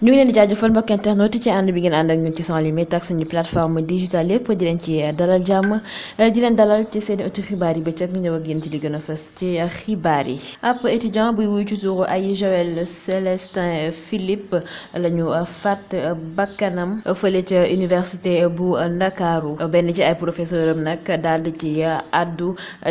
ñu ngi leen di jaajëfal mbokk internet ci ànd bi ngeen ànd ak ñun ci sans limite ak suñu plateforme digitale yëpp di leen ci dalal jàmm di leen dalal ci seen ëttu xibaar yi bëccëg ñu ñëw ak yéen ci li gën a fës ci xibaar yi ab étudiant buy wuy ci turu ay Joël Célestin Philippe la ñu fàtt bakkanam fële ca université bu Ndakaaru benn ci ay professeur am nag daal ci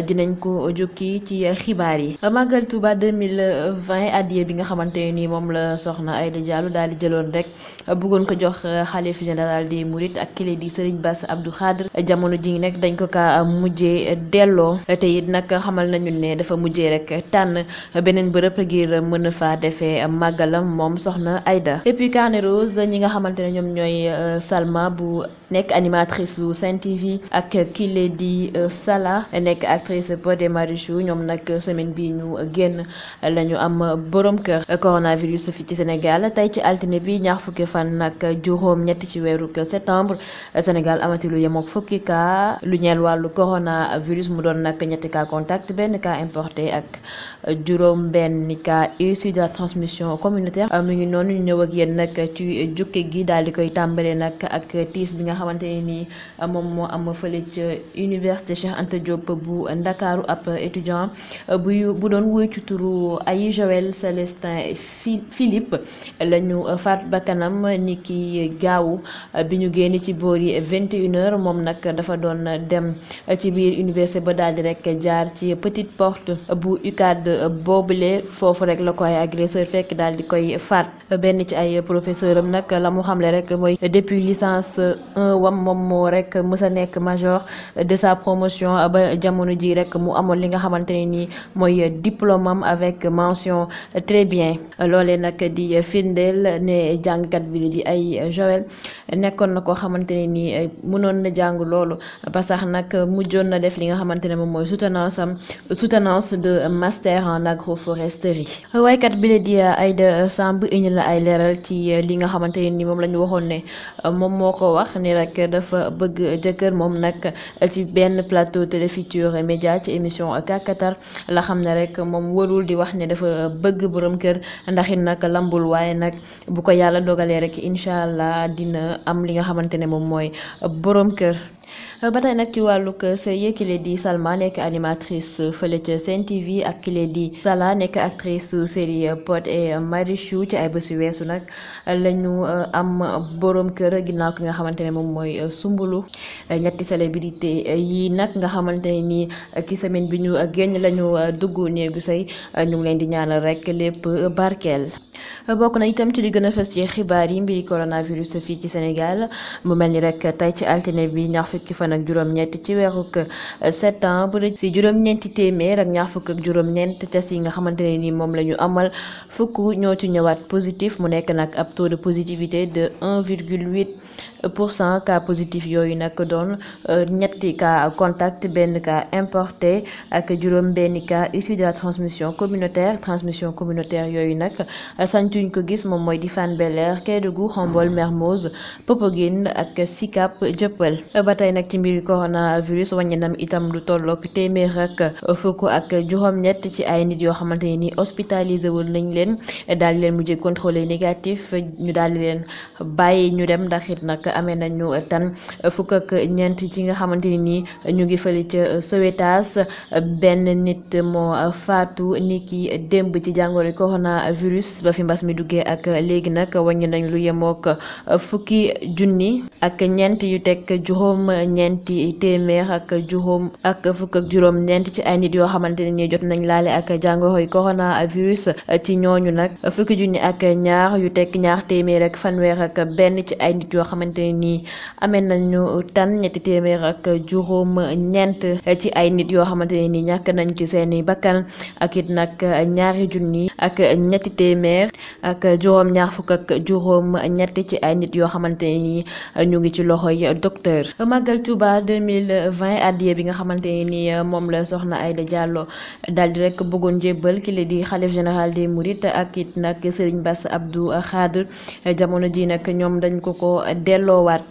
di nañ ko jukki ci xibaar yi Magal Touba 2020 adiya bi nga xamante ni moom la soxna Aïda Diallo daal di jëloon rek bëggoon ko jox euh, xalif général des Mourides ak kile di Serigne Bass Abdou Khadre jamono ji nag dañ ko ka mujjee delloo te it nag xamal nañu ne dafa mujje rek tànn beneen bërëb ngir mën a faa defee màggalam moom soxna Aida et puis Carnet Rose ñi nga xamante ne ñoom ñooy euh, Salma bu nekk animatrice bu Sen TV ak kile di euh, Sala nekk actrice Pod et Marichou ñoom nag semaine bi ñu génn lañu am borom kër coronavirus fi ci Sénégal tey ci altine altine bi ñaar fukki fan nag juróom ñett ci weeru septembre Sénégal amati lu yemook fukki cas lu ñeel wàllu coronavirus mu doon nag ñetti ka contact benn cas importé ak juróom benn cas issu de la transmission communautaire mu ngi noonu ñu ñëw ak nak ci jukki gi daal di koy tàmbale nag ak tiis bi nga xamante ne nii moom moo am fële ca université Cheikh Anta bu Ndakaaru ab étudiant bu bu doon wuy ci turu Célestin Philippe lañu faat bakkanam ni ki gaawu bi ñu génnee ci boor yi 21h moom nag dafa doon dem ci biir université ba daal di rek jaar ci petite porte bu UCAD boobule foofu rek la ko ay agresseur fekk daal di koy faat benn ci ay professeur am nag la mu xamle rek mooy depuis licence 1 wam moom moo rek mës a nekk major de sa promotion ba jamono ji rek mu amoon li nga xamante ne nii mooy diplôme am avec mention très bien loolee nag di firndeel ne jàngkat bi di ay Joël nekkoon na koo xamante ne nii eh, mënoon na jàng loolu ba sax nag mujjoon na def li nga xamante ne moom mooy soutenance am soutenance de master en agroforesterie waykat bi la di Aïda Samb indi ay leeral ci li nga xamante ne ni moom la ñu waxoon ne moom moo ko wax ni rek dafa bëgg jëkkër moom nag ci benn plateau Télé Futurs Médias ci émission Kakatar la xam ne rek moom warul di wax ne dafa bëgg borom kër ndax it nag lambul waaye nag bu ko yàlla dogalee rek incha allah dina am li nga xamante ne moom mooy borom kër. Euh, ba tey nag ci wàllu sëy kile di Salma nekk animatrice fële ca Sen TV ak kile di Salla nekk actrice série Pod et Marichou ci ay bésu weesu nag la ñu euh, am borom kër ginnaaw ki nga xamante ne moom mooy euh, Sumbulu ñetti célébrité yi nag nga xamante ni ci semaine bi ñu génn la ñu dugg néegu sey ñu ngi leen di ñaanal rek lépp barkel bokk na itam ci li gën a fës ci xibaar yi mbiri coronavirus fii ci Sénégal mu mel ni rek tey ci altine bi ñaar fukki fan fan ak juróom-ñett ci weeru euh, septembre si juróom-ñeenti téeméer ak ñaar fukk ak juróom-ñeent te yi nga xamante ne ni moom la ñu amal fukk ñoo ci ñëwaat positif mu nekk nag ab taux de positivité de 1,8 pour cent cas positif yooyu nag doon euh, ñetti cas contact benn cas importé ak juróom benn cas issu de la transmission communautaire transmission communautaire yooyu nag santuñ ko gis moom mooy di Fann Bel-Air Kédougou Khombole Mermoz Popenguine ak Sicap Dieuppeul ba tey nag ci mbiri coronavirus wàññi nam itam lu tollook téeméer ak fukk ak juróom-ñett ci ay nit yoo xamante ne ni hospitalisé woon nañ leen daal di leen mujjee contrôlé négatif ñu daal di leen bàyyi ñu dem ndax it nag amee nañu tan fukk ak ñeent ci nga xamante ni nii ñu ngi fële ca Sowétas benn nit moo faatu nit ki démb ci jàngoro coronavirus ba fi mbas mi duggee ak léegi nag wàññi nañ lu yemook fukki junni ak ñeent yu tekk juróom ñeenti téeméer ak juróom ak fukk ak juróom ñeent ci ay nit yoo xamante ne nii jot nañ laale ak jàngoroy coronavirus ci ñooñu nag fukki junni ak ñaar yu tekk ñaar téeméer ak fanweer ak benn ci ay nit yoo xam xamante ne nii amee nañu tan ñetti téeméer ak juróom ñeent ci ay nit yoo xamante ne nii ñàkk nañ ci seen i bakkan ak it nag ñaari junni ak ñetti téeméer ak juróom ñaar fukk ñett ci ay nit yoo xamante ne nii ñu ngi ci loxo loxoy docteur Magal Touba 2020 addiya bi nga xamante ne nii moom la soxna ay Diallo daal di rek bëggoon jébbal ki di xalif général des Mourides ak it nag Serigne Bass Abdou Khadre jamono ji nag ñoom dañ ko ko delloowaat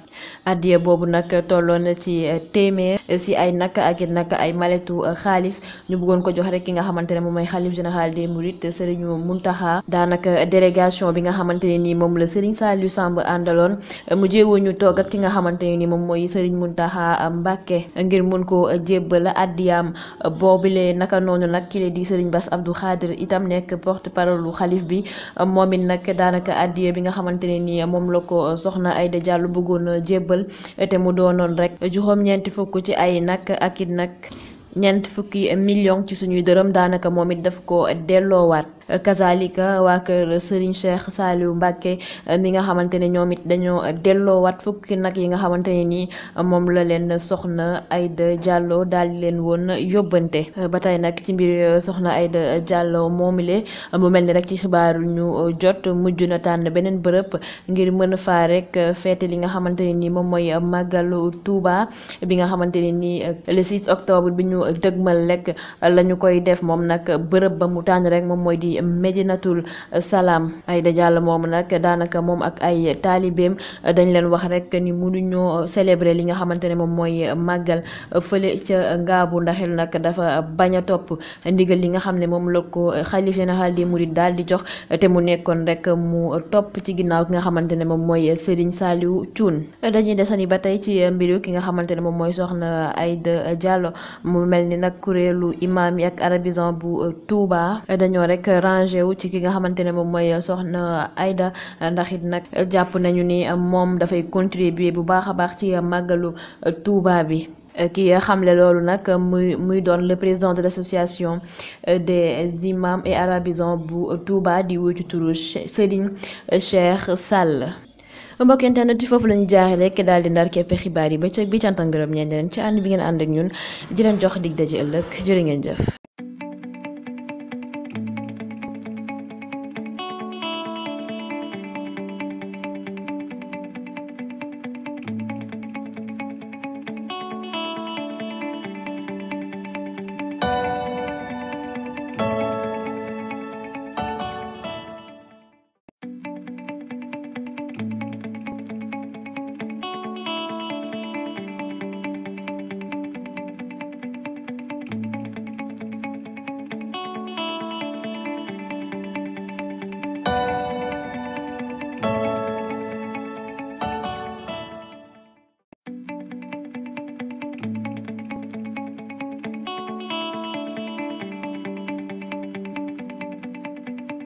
addiya boobu nag tolloon na ci eh, téeméer si ay nag ak it nag ay maletu eh, xaalis ñu buggoon ko jox rek ki nga xamante ne moom mooy xalif général des mourides Serigne Mountakha daanaka délégation bi nga xamante ne nii moom la Serigne Saliou Samb àndaloon eh, mu jéewoo ñu toog ki nga xamante ne nii moom mooy Serigne Mountakha eh, Mbacké ngir mun ko jébbal addiyaam boobule naka noonu nag ki di Serigne Bass Abdou Khadir itam nekk porte parole lu xalif bi moom it nag daanaka addiya bi nga xamante ne nii moom la ko soxna Aïda Diallo bëggoon jébbal te mu doonoon rek juróom-ñeenti fukk ci ay nag ak it nag ñeent fukki million ci suñuy dërëm daanaka moom it daf ko waat kazalika waa kër Serigne Cheikh Saliou Mbacke mi nga xamante ne ñoom it dañoo waat fukki nag yi nga xamante ne nii moom la leen soxna Aïda Diallo daal di leen woon yóbbante ba tey nag ci mbir soxna Aïda Diallo moomile mu mel ni rek ci xibaaru ñu jot mujj na tànn beneen bërëb ngir mën faa rek feete li nga xamante ne nii moom mooy màggalu tuubaa bi nga xamante nii le 6 bi ñu dëgmal lekk la ñu koy def moom nag bërëb ba mu tànn rek moom mooy di Medinatul Salaam Aïda Diallo moom nag daanaka moom ak ay taalibeem dañ leen wax rek ni mënuñoo célébrer li nga xamante ne moom mooy màggal fële ca ngaabu ndaxel nag dafa bañ a topp ndigal li nga xam ne moom la ko xalif général di daal di jox te mu nekkoon rek mu topp ci ginnaaw ki nga xamante ne moom mooy Serigne Saliou Thioune dañuy desani ba tey ci mbiru ki nga xamante ne moom mooy soxna Aïda Diallo mu mel ni nag kuréelu imam yi ak arabisant bu euh, Touba dañoo rek rangé wu ci ki nga xamante ne moom mooy soxna Aida ndax it nag jàpp nañu ni moom dafay contribuer bu baax a baax ci màggalu euh, Touba bi. ki xamle loolu nag muy muy doon le président de l' association euh, des imams et arabisants bu Touba di wuyu ci turu Serigne Cheikh Sall. mbokk internet yi foofu la ñu jaaxle rek daal di ndar képp xibaar yi ba cëg bi cantangërëm ñeen leen ci ànd bi ngeen ànd ak ñun di leen jox dig daje ëllëg jërë ngeen jëf